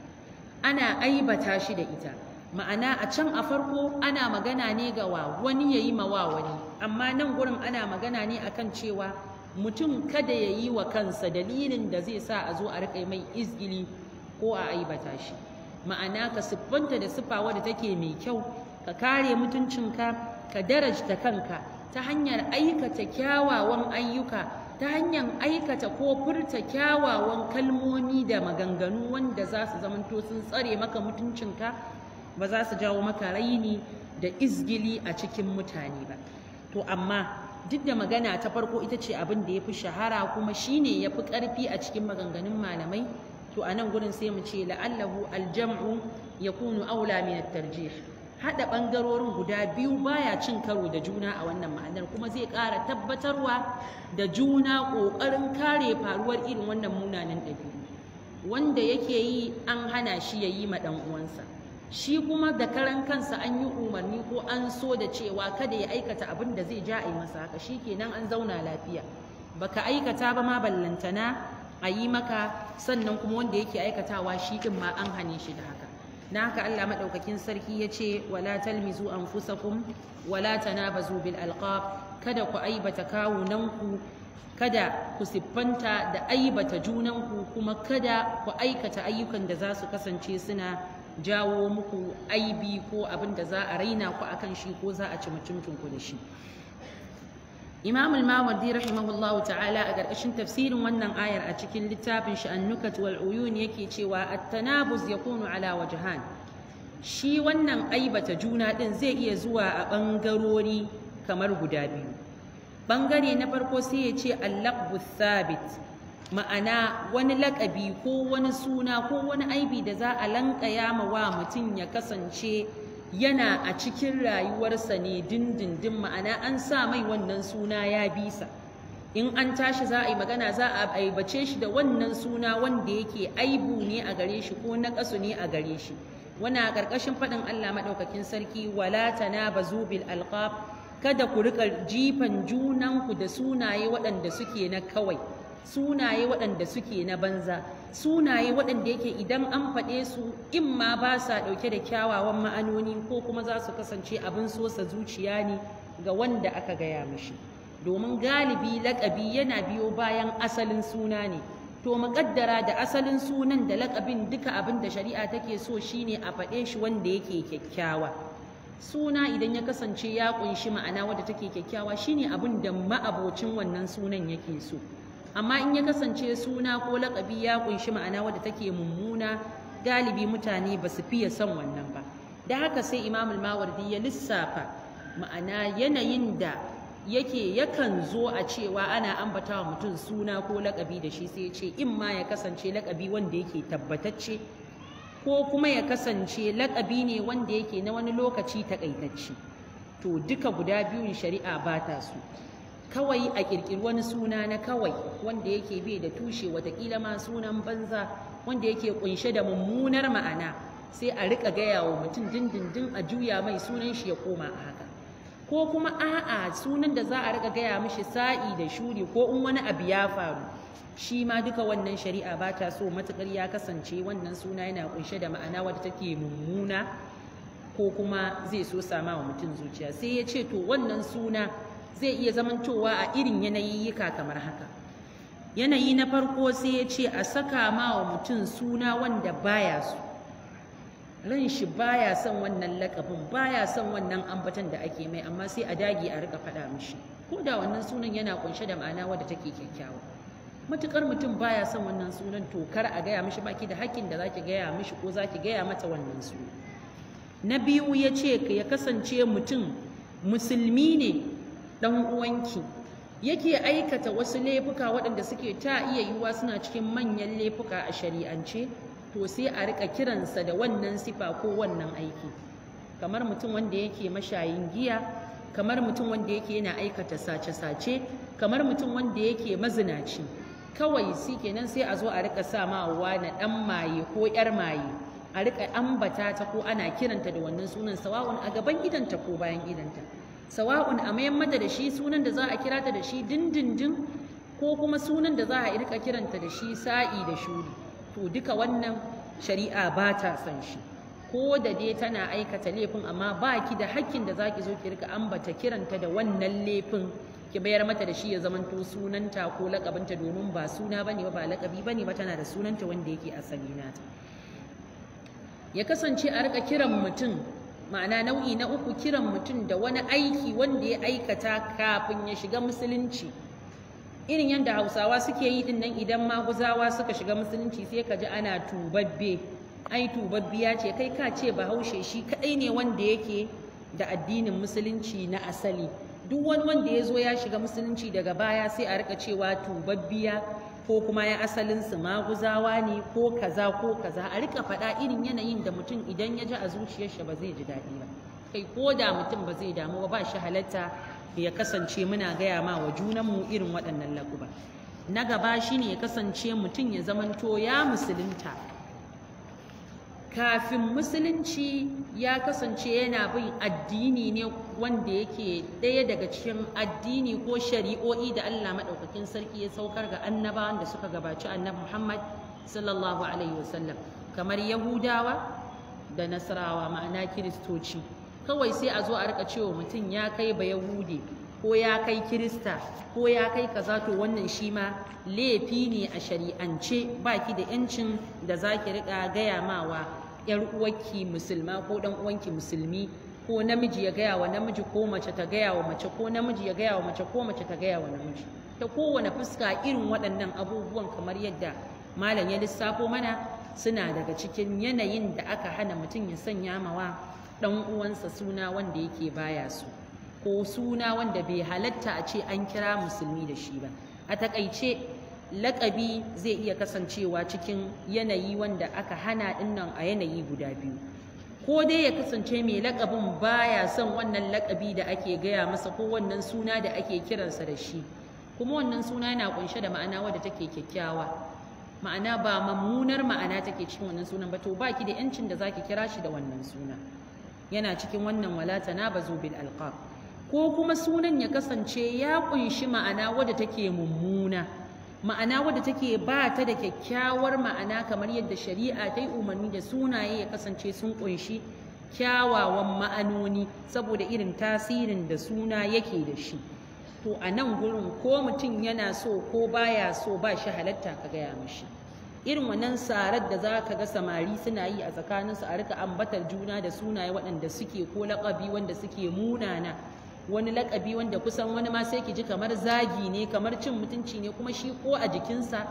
ana aibata shi da ita ma'ana a can a farko ana magana ne ga wa wani ya yi wa wani amma nan gurin ana magana ne akan cewa mutum kada ya yi wa kansa dalilin da zai sa a zo a riƙa mai izgili ko a aibata shi ma'ana ka siffanta da siffa wadda take mai kyau ka kare mutuncinka ka ta kanka ta hanyar aikata kyawawan ayyuka ta hanyar aikata ko furta kyawawan kalmomi da maganganu wanda za su zamanto sun tsare maka mutuncinka ba za su jawo maka raini da izgili a cikin mutane ba to amma duk da magana ta farko ita ce abin da ya fi shahara kuma shine ya fi ƙarfi a cikin maganganun malamai to a nan gudun sai mu ce la'allahu aljam'u ya yakunu aula min tarjih haɗa ɓangarorin guda biyu baya cin karo da juna a wannan ma'anar kuma zai ƙara tabbatarwa da juna ƙoƙarin kare faruwar irin wannan munanan ɗabi'u wanda yake yi an hana shi ya yi ma ɗan uwansa shi kuma da karan kansa an yi umarni ko an so da cewa kada ya aikata abin da zai ja a yi masa haka shi kenan an zauna lafiya baka aikata ba ma ballantana a yi maka sannan kuma wanda yake aikatawa shi ɗin ma an hane shi da haka na haka Allah madaukakin sarki ya ce wala talmizu anfusakum wala tanabazu bil alqab kada ku aibata kawunanku kada ku siffanta da aibata junanku kuma kada ku aikata ayyukan da za su kasance suna jawo muku aibi ko abin da za a raina ku akan shi ko za a ci mutuntun da shi Imam al-Mawardi rahimahullahu ta'ala a ƙarƙashin tafsirin wannan ayar a cikin littafin shi An-Nukat wal Uyun yake cewa tana'bus ya yakunu ala wajhan shi wannan aibata juna din zai iya zuwa a bangarori kamar guda biyu bangare na farko sai ya ce al-laqbu thabit ma'ana wani laƙabi ko wani suna ko wani aibi da za a lankaya ma wa mutum ya kasance yana a cikin rayuwarsa ne dindindin ma'ana an sa mai wannan suna ya bisa in an tashi za a yi magana za a aibace shi da wannan suna wanda yake aibu ne a gare shi ko naƙasu ne a gare shi wani a ƙarƙashin faɗin Allah maɗaukakin sarki wala na bil alqab kada ku riƙa jifan junanku da sunaye waɗanda suke na kawai sunaye waɗanda suke na banza sunaye waɗanda yake idan an faɗe su in ma ba sa ɗauke da kyawawan ma'anoni ko kuma za su kasance abin sosa zuciya ne ga wanda aka gaya mashi domin galibi lakabi yana biyo bayan asalin suna ne to muƙaddara da asalin sunan da lakabin duka abin da shari'a take so shine a faɗe shi wanda yake kyakkyawa suna idan ya kasance ya ƙunshi ma'ana wadda take kyakkyawa shine abin da ma'abocin wannan sunan yake so amma in ya kasance suna ko lakabi ya kunshi ma'ana wadda take mummuna galibi mutane ba su fiye son wannan ba da haka sai imam mawardi ya lissafa ma'ana yanayin da yake yakan zo a cewa ana ambata wa mutum suna ko lakabi da shi sai ya ce in ma ya kasance lakabi wanda yake tabbatacce ko kuma ya kasance lakabi ne wanda yake na wani lokaci takaitacce to duka guda biyun shari'a ba ta su kawai a ƙirƙiri wani suna na kawai wanda yake bai da tushe watakila ma sunan banza wanda yake kunshe da mummunar ma'ana sai a rika gaya wa mutum dindindin a juya mai sunan shi ya koma a haka ko kuma a'a sunan da za a riƙa gaya mishi sa'i da shuri ko in wani abu ya faru shi ma duka wannan shari'a ba ta so matukar ya kasance wannan suna yana kunshe da ma'ana wadda take mummuna ko kuma zai so sama wa mutum zuciya sai ya ce to wannan suna zai iya zamantowa a irin yika kamar haka yanayi na farko sai ya ce a saka ma wa mutum suna wanda baya so ran shi baya son wannan lakabin baya son wannan ambatan da ake mai amma sai a dage a rika faɗa mishi ko da wannan sunan yana kunshe da ma'ana wadda take kyakkyawa matukar mutum baya son wannan sunan to kar a gaya mishi baki da hakkin da zaki gaya mishi ko zaki gaya mata wannan sunan. na biyu ya ce ya kasance mutum musulmi ne dan uwanki yake aikata wasu laifuka waɗanda suke ta iya yiwuwa suna cikin manyan laifuka a shari'ance to sai a rika kiransa da wannan sifa ko wannan aiki kamar mutum wanda yake mashayin giya kamar mutum wanda yake yana aikata sace-sace kamar mutum wanda yake mazinaci kawai shi kenan sai a zo a rika sa mawa na ɗan maye ko ‘yar maye a rika ambata ta ko ana kiranta da wannan sunan sawa'un a gaban gidanta ko bayan gidanta sawa'un a mayan mata da shi sunan da za a kira ta da shi dindindin ko kuma sunan da za a irka kiranta da shi sa'i da shuri to duka wannan shari'a ba ta san shi ko da dai tana aikata laifin amma ba ki da hakkin da za ki zo ki rika ambata kiranta da wannan laifin ki bayar mata da shi ya zamanto sunanta ko lakabinta domin ba suna bane ba ba lakabi bane ba tana da sunanta wanda yake asali nata ya kasance a rika kiran mutum ma'ana nau'i na uku kiran mutum da wani aiki wanda ya aikata kafin ya shiga musulunci irin yadda hausawa suke yi din nan idan maguzawa suka shiga musulunci sai ka ji ana tubabbe ai tubabbiya ce kai ka ce bahaushe shi kadai ne wanda yake da addinin musulunci na asali duk wani wanda ya zo ya shiga musulunci daga baya sai a rika cewa tubabbiya ko kuma ya asalin su maguzawa ne ko kaza ko kaza a rika faɗa irin yanayin da mutum idan ya ji a zuciyar shi ba zai ji daɗi ba kai ko da mutum ba zai damu ba ba shi halatta ya kasance muna gaya ma wa junan mu irin waɗannan laguba na gaba shine ya kasance mutum ya zamanto ya musulunta kafin musulunci ya kasance yana bin addini ne wanda yake ɗaya daga cikin addini ko shari'o'i da Allah maɗaukakin sarki ya saukar ga annabawan da suka gabaci annabi Muhammad sallallahu alaihi wasallam kamar Yahudawa da Nasarawa ma'ana Kiristoci kawai sai a zo a rika cewa mutum ya kai ba Yahudi ko ya kai Kirista ko ya kai kaza to wannan shi ma laifi ne a shari'ance baki da 'yancin da zaki rika gaya mawa yar uwarki musulma ko ɗan uwanki musulmi ko namiji ya gaya wa namiji ko mace ta gaya wa mace ko namiji ya gaya wa mace ko mace ta gaya wa namiji ta kowane fuska irin waɗannan abubuwan kamar yadda malam ya lissafo mana suna daga cikin yanayin da aka hana mutum ya sanya mawa ɗan uwansa suna wanda yake baya su ko suna wanda bai halatta a ce an kira musulmi da shi ba a takaice Lakabi zai iya kasancewa cikin yanayi wanda aka hana dinnan a yanayi guda biyu ko dai ya kasance mai lakabin baya son wannan lakabi da ake gaya masa ko wannan suna da ake kiransa da shi kuma wannan suna yana kunshe da ma'ana wadda take kyakkyawa ma'ana ba mummunar ma'ana take cikin wannan sunan ba to baki da yancin da zaki kira shi da wannan suna yana cikin wannan walata na bazu bil alqab ko kuma sunan ya kasance ya kunshi ma'ana wadda take mummuna ma'ana wadda take ba ta da kyakkyawar ma'ana kamar yadda shari'a ta yi umarni da sunaye ya kasance sun kunshi kyawawan ma'anoni saboda irin tasirin da suna yake da shi to a nan gurin ko mutum yana so ko baya so ba shi halatta ka gaya mashi irin wannan sarar da za ka ga samari suna yi a tsakaninsu a rika ambatar juna da sunaye waɗanda suke ko laƙabi wanda suke munana wani lakabi wanda kusan wani ma sai ki ji kamar zagi ne kamar cin mutunci ne kuma shi ko a jikinsa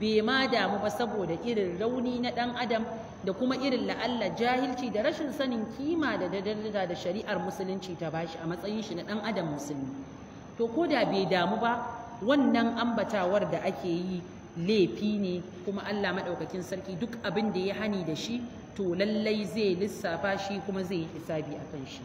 bai ma damu ba saboda irin rauni na ɗan adam da kuma irin la'alla jahilci da rashin sanin kima da daraja da shari'ar musulunci ta bashi a matsayin shi na ɗan adam musulmi to ko da bai damu ba wannan ambatawar da ake yi laifi ne kuma Allah maɗaukakin sarki duk abin da ya hani da shi to lallai zai lissafa shi kuma zai yi hisabi a kan shi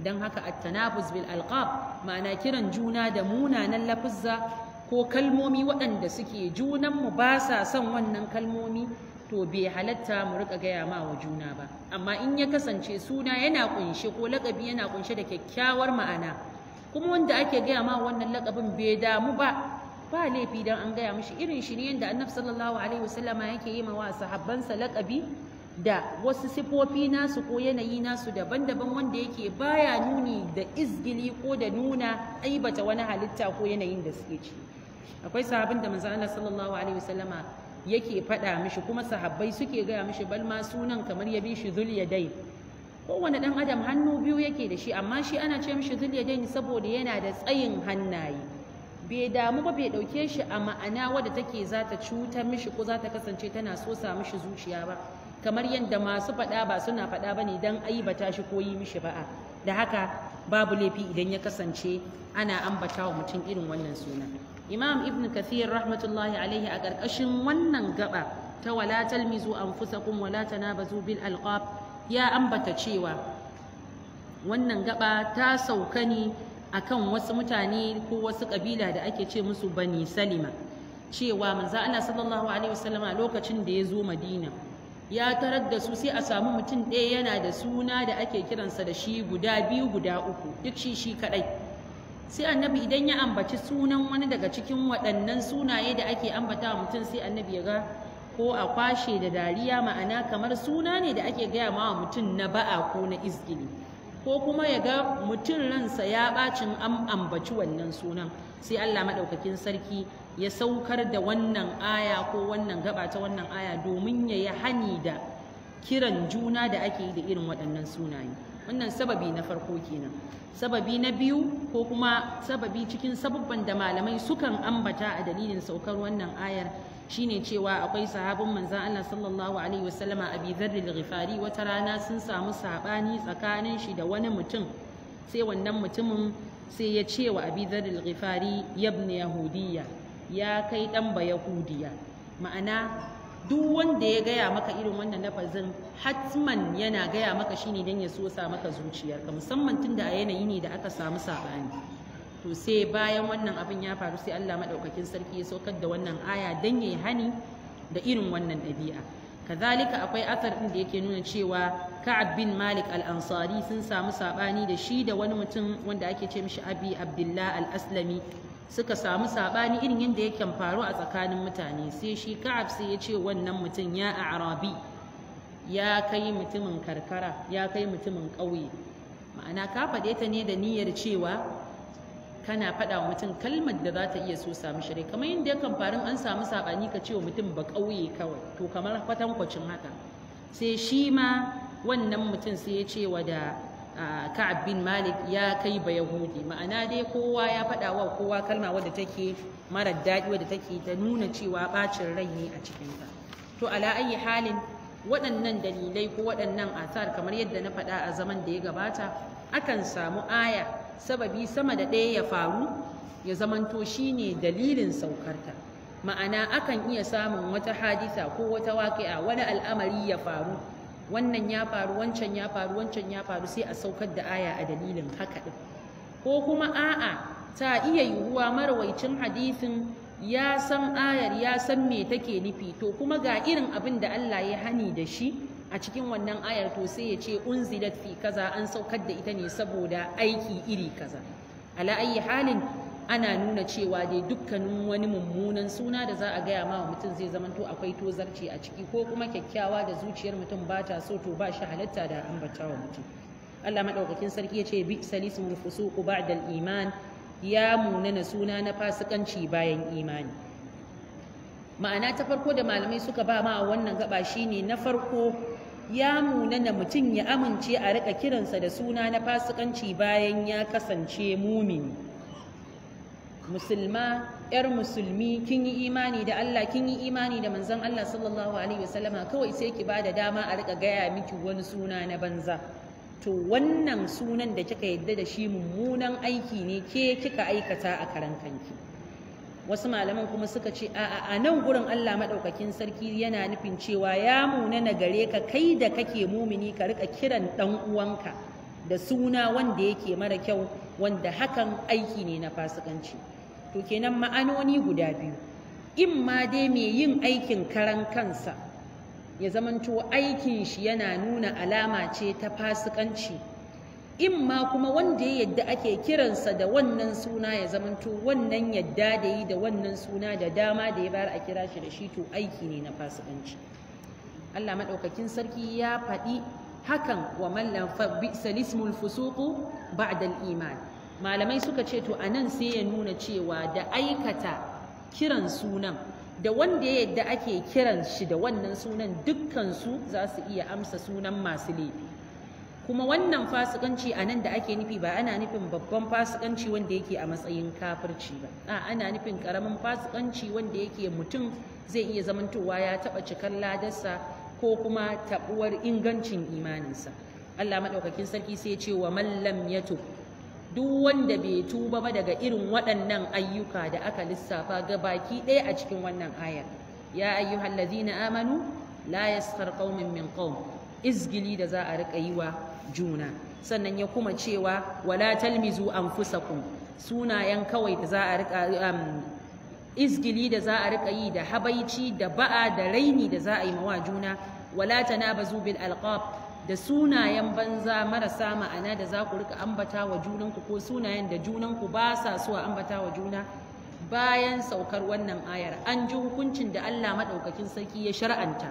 don haka attanafus bil alqab ma'ana kiran juna da munanan lafuzza ko kalmomi waɗanda suke junanmu ba sa son wannan kalmomi to bai halatta mu rika gaya ma wa juna ba amma in ya kasance suna yana kunshe ko lakabi yana kunshe da kyakkyawar ma'ana kuma wanda ake gaya ma wannan lakabin bai damu ba ba laifi dan an gaya mishi irin shi ne yadda annabi sallallahu alaihi wasallama yake yi ma wa sahabbansa lakabi da wasu sifofi nasu ko yanayi nasu daban-daban wanda yake baya nuni da izgili ko da nuna aibata wani halitta ko yanayin da suke ci akwai sahabin da manzo Allah sallallahu alaihi wasallama yake faɗa mishi kuma sahabbai suke gaya mishi bal ma sunan kamar ya bi shi dai. kowane ɗan adam hannu biyu yake da shi amma shi ana ce mishi zuliyadai saboda yana da tsayin hannaye bai damu ba bai ɗauke shi a ma'ana wadda take za ta cutar mishi ko za ta kasance tana so sa mishi zuciya ba kamar yadda masu faɗa ba suna faɗa ba ne don ta shi ko yi mishi ba'a da haka babu laifi idan ya kasance ana ambata wa mutum irin wannan suna imam ibn kathir rahmatullahi alaihi a ƙarƙashin wannan gaba ta wala talmizu anfusakum wala tanabazu bil alqab ya ambata cewa wannan gaba ta sauka ne akan wasu mutane ko wasu ƙabila da ake ce musu bani salima cewa manzo Allah sallallahu alaihi wasallama lokacin da ya zo Madina ya tarar da su sai a samu mutum ɗaya yana da suna da ake kiransa da shi guda biyu guda uku duk shi shi kaɗai sai annabi idan ya ambaci sunan wani daga cikin waɗannan sunaye da ake ambata wa mutum sai annabi ya ga ko a kwashe da dariya ma'ana kamar suna ne da ake gaya ma mutum na ba'a ko na izgili ko kuma ya ga mutum ransa ya ɓacin an ambaci wannan sunan sai Allah maɗaukakin sarki ya saukar da wannan aya ko wannan gaba ta wannan aya domin ya yi hani da kiran juna da ake yi da irin waɗannan sunaye wannan sababi na farko kenan sababi na biyu ko kuma sababi cikin sababban da malamai sukan ambata a dalilin saukar wannan ayar shine cewa akwai sahabin manzan Allah sallallahu alaihi wasallama abi dharril ghifari wata rana sun samu sabani tsakanin shi da wani mutum sai wannan mutumin sai ya ce wa abi dharril ghifari yabni yahudiyya ya kai ɗan bayahudiya ma'ana duk wanda ya gaya maka irin wannan lafazin hatman yana gaya maka shine don ya sosa maka zuciyarka musamman tun da a yanayi ne da aka samu sabani to sai bayan wannan abin ya faru sai Allah maɗaukakin sarki ya saukar da wannan aya don ya yi hani da irin wannan ɗabi'a kazalika akwai asar ɗin da yake nuna cewa ka'ab bin malik al-ansari sun samu saɓani da shi da wani mutum wanda ake ce mishi abi abdullah al-aslami suka samu sabani irin yadda yake faru a tsakanin mutane sai shi ka'ab sai ya ce wannan mutum ya arabi ya kai mutumin karkara ya kai mutumin ƙauye ma'ana ka faɗe ta ne da niyyar cewa kana faɗa wa mutum kalmar da za ta iya so samu shirai kamar yadda kan faru an samu sabani ka ce wa mutum ba ƙauye kawai to kamar kwatankwacin haka sai shi ma wannan mutum sai ya ce wa da ka'ab bin malik ya kai ba yahudi ma'ana dai kowa ya faɗa wa kowa kalma wadda take mara daɗi wadda take ta nuna cewa bacin rai ne a cikinta to ala ayi halin waɗannan dalilai ko waɗannan asar kamar yadda na faɗa a zaman da ya gabata akan samu aya sababi sama da ɗaya ya faru ya zamanto shi ne dalilin saukarta ma'ana akan iya samun wata hadisa ko wata waƙi'a wani al'amari ya faru wannan ya faru wancan ya faru wancan ya faru sai a saukar da aya a dalilin haka ɗin. ko kuma a'a ta iya yiwuwa marawaicin hadisin ya san ayar ya san me take nufi to kuma ga irin abin da Allah ya hani da shi a cikin wannan ayar to sai ya ce unzilat fi kaza an saukar da ita ne saboda aiki iri kaza ala ayi halin ana nuna cewa dai dukkanin wani mummunan suna da za a gaya ma mutum zai zama zamanto akwai tozarci a ciki ko kuma kyakkyawa da zuciyar mutum ba ta so to ba shi halatta da ambata wa mutum Allah madaukakin sarki ya ce bi salisul fusuqu ba'da al-iman ya munana suna na fasikanci bayan imani ma'ana ta farko da malamai suka ba ma wannan gaba shine na farko ya munana mutum ya amince a rika kiransa da suna na fasikanci bayan ya kasance mumini musulma yar musulmi kin yi imani da Allah kin yi imani da manzon Allah sallallahu alaihi wasallama kawai sai ki bada dama a rika gaya miki wani suna na banza to wannan sunan da kika yadda da shi mummunan aiki ne ke kika aikata a karan kanki wasu malaman kuma suka ce a a nan gurin Allah madaukakin sarki yana nufin cewa ya munana gare ka kai da kake mumini ka rika kiran dan uwanka da suna wanda yake mara kyau wanda hakan aiki ne na fasikanci to kenan ma'anoni guda biyu in ma dai mai yin aikin karan kansa ya zamanto aikin shi yana nuna alama ce ta fasikanci in ma kuma wanda ya yadda ake kiransa da wannan suna ya zamanto wannan yadda da yi da wannan suna da dama da ya bayar a kira shi da shi to aiki ne na fasikanci Allah maɗaukakin sarki ya faɗi hakan wa mallan fa bi salismul fusuqu ba'da al-iman malamai suka ce to anan sai ya nuna cewa da aikata kiran sunan da wanda ya yadda ake kiran shi da wannan sunan dukkansu za su iya amsa sunan masu laifi kuma wannan fasikanci a nan da ake nufi ba ana nufin babban fasikanci wanda yake a matsayin kafirci ba a ana nufin karamin fasikanci wanda yake mutum zai iya zamantowa ya taba cikar ladarsa ko kuma taɓuwar ingancin imaninsa Allah maɗaukakin sarki sai ce wa mallam ya yatub duk wanda bai tuba ba daga irin waɗannan ayyuka da aka lissafa ga baki ɗaya a cikin wannan ayar ya ayyuhal ladzina amanu la yaskhar qaumin min qaum izgili da za a riƙa yi wa juna sannan ya kuma cewa wala talmizu anfusakum sunayen kawai da za a riƙa um, izgili da za a riƙa yi da habaici da ba'a da raini da za a yi mawa juna wala tanabazu bil alqab da sunayen banza marasa ma'ana da za ku rika ambata wa junanku ko sunayen da junanku ba sa so a ambata wa juna bayan saukar wannan ayar an ji hukuncin da Allah maɗaukakin sarki ya shar'anta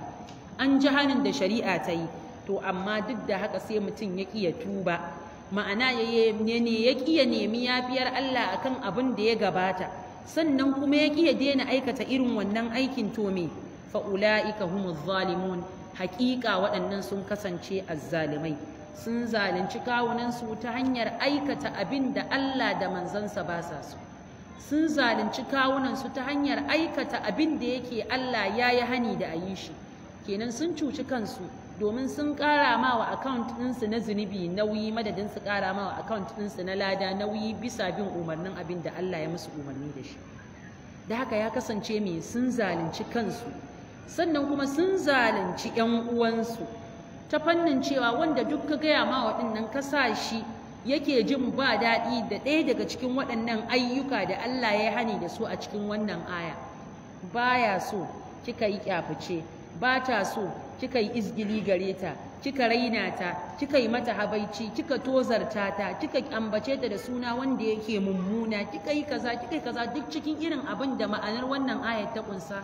an ji hanin da shari'a ta yi to amma duk da haka sai mutum ya ƙi tuba ma'ana ya ne ya ƙi ya nemi yafiyar Allah akan abin da ya gabata sannan kuma ya ƙi ya daina aikata irin wannan aikin to me fa ula'ika humuz zalimun haƙiƙa waɗannan sun kasance azzalimai sun zalunci kawunansu ta hanyar aikata abin da Allah da manzansa ba sa so sun zalunci kawunansu ta hanyar aikata abin da yake Allah ya yi hani da ayi shi kenan sun cuci kansu domin sun ƙara ma wa akaunt ɗinsu na zunubi nauyi madadin su ƙara ma wa akaunt ɗinsu na lada nauyi bisa bin umarnin abin da Allah ya musu umarni da shi da haka ya kasance mai sun zalunci kansu sannan kuma sun zalunci 'yan uwansu ta fannin cewa wanda duk ka gaya ma waɗannan ka sa shi yake jin ba daɗi da ɗaya daga cikin waɗannan ayyuka da Allah ya hani da su a cikin wannan aya baya so kika yi kyafice ba ta so kika yi izgili gare ta kika raina ta kika yi mata habaici kika tozarta ta kika ambace ta da suna wanda yake mummuna kika yi kaza kika yi kaza duk cikin irin abin da ma'anar wannan ayar ta kunsa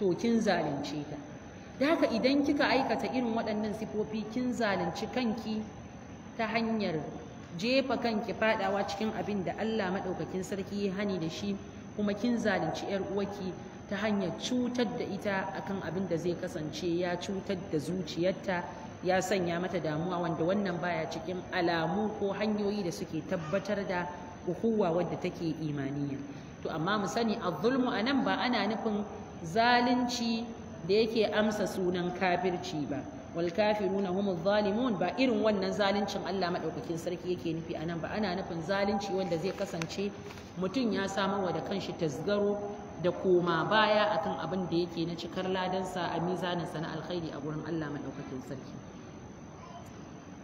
to kin zalunce ta da haka idan kika aikata irin waɗannan sifofi kin zalunci kanki ta hanyar jefa kanki fadawa cikin abin da Allah maɗaukakin sarki ya hani da shi kuma kin zalunci yar uwarki ta hanyar cutar da ita akan abin da zai kasance ya cutar da zuciyarta ya sanya mata damuwa wanda wannan baya cikin alamu ko hanyoyi da suke tabbatar da uhuwa wadda take imaniya to amma mu sani a anan ba ana nufin zalunci da yake amsa sunan kafirci ba wal kafiruna humuz zalimun ba irin wannan zaluncin Allah madaukakin sarki yake nufi anan ba ana nufin zalunci wanda zai kasance mutum ya samu wa da kanshi tazgaro da koma baya akan abin da yake na cikar ladansa a mizanin sana alkhairi a gurin Allah madaukakin sarki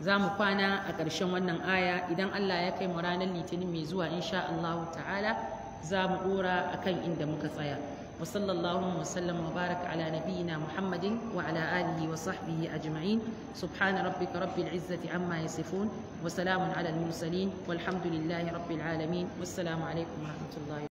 za mu kwana a ƙarshen wannan aya idan Allah ya kai mu ranar litinin mai zuwa insha Allah ta'ala za mu ɗora akan inda muka tsaya وصلى الله وسلم وبارك على نبينا محمد وعلى آله وصحبه أجمعين سبحان ربك رب العزة عما يصفون وسلام على المرسلين والحمد لله رب العالمين والسلام عليكم ورحمة الله